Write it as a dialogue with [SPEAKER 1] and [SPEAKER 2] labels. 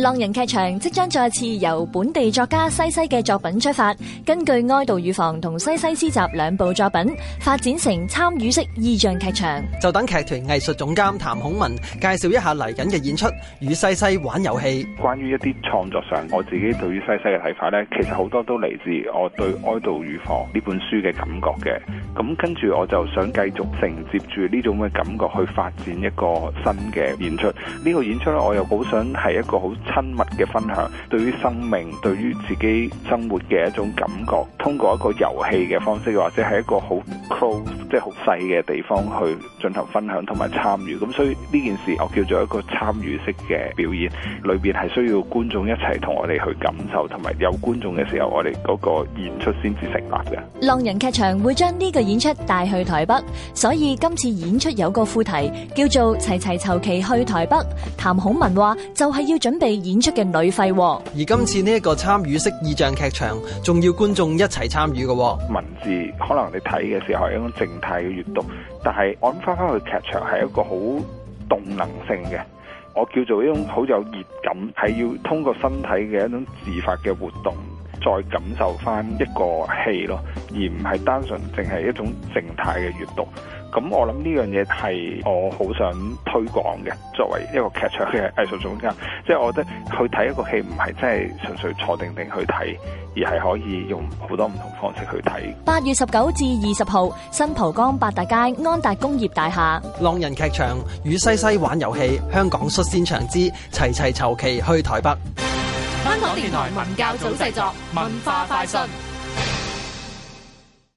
[SPEAKER 1] 浪人劇場即將再次由本地作家西西嘅作品出發，根據《哀悼乳房》同《西西詩集》兩部作品，發展成參與式意象劇場，
[SPEAKER 2] 就等劇團藝術總監譚孔文
[SPEAKER 3] 介紹一下嚟緊嘅演出《與西西玩遊戲》。關於一啲創作上，我自己對於西西嘅睇法咧，其實好多都嚟自我對《哀悼乳房》呢本書嘅感覺嘅。咁跟住我就想繼續承接住呢種嘅感覺去發展一個新嘅演出。呢個演出咧，我又好想係一個好親密嘅分享，對於生命，對於自己生活嘅一種感覺，通過一個遊戲嘅方式，或者係一個好 close，即係好細嘅地方去進行分享同埋參與。咁所以呢件事我叫做一個參與式嘅表演，裏邊係需要觀眾一齊同我哋去感受，同埋有觀眾嘅時候，我哋嗰個演出先至成立嘅。
[SPEAKER 1] 浪人劇場會將呢個演出帶去台北，所以今次演出有個副題叫做《齊齊籌期去台北》，譚孔文話就係要準備。演出嘅女廢，而
[SPEAKER 2] 今次呢一個參與式意象劇場，仲要觀眾一齊參與嘅。文
[SPEAKER 3] 字可能你睇嘅時候係一種靜態嘅閱讀，但係我諗翻翻去劇場係一個好動能性嘅，我叫做一種好有熱感，係要通過身體嘅一種自發嘅活動。再感受翻一個戲咯，而唔係單純淨係一種靜態嘅閱讀。咁我諗呢樣嘢係我好想推廣嘅，作為一個劇場嘅藝術總監，即係我覺得去睇一個戲唔係真係純粹坐定定去睇，而係可以用好多唔同方式去睇。
[SPEAKER 1] 八月十九至二十號，新蒲崗八大街安達工業大廈，浪人劇場與西西玩遊
[SPEAKER 2] 戲，香港率先長之齊齊籌期期去台北。
[SPEAKER 1] 香港電台文
[SPEAKER 2] 教組製作，文化快訊。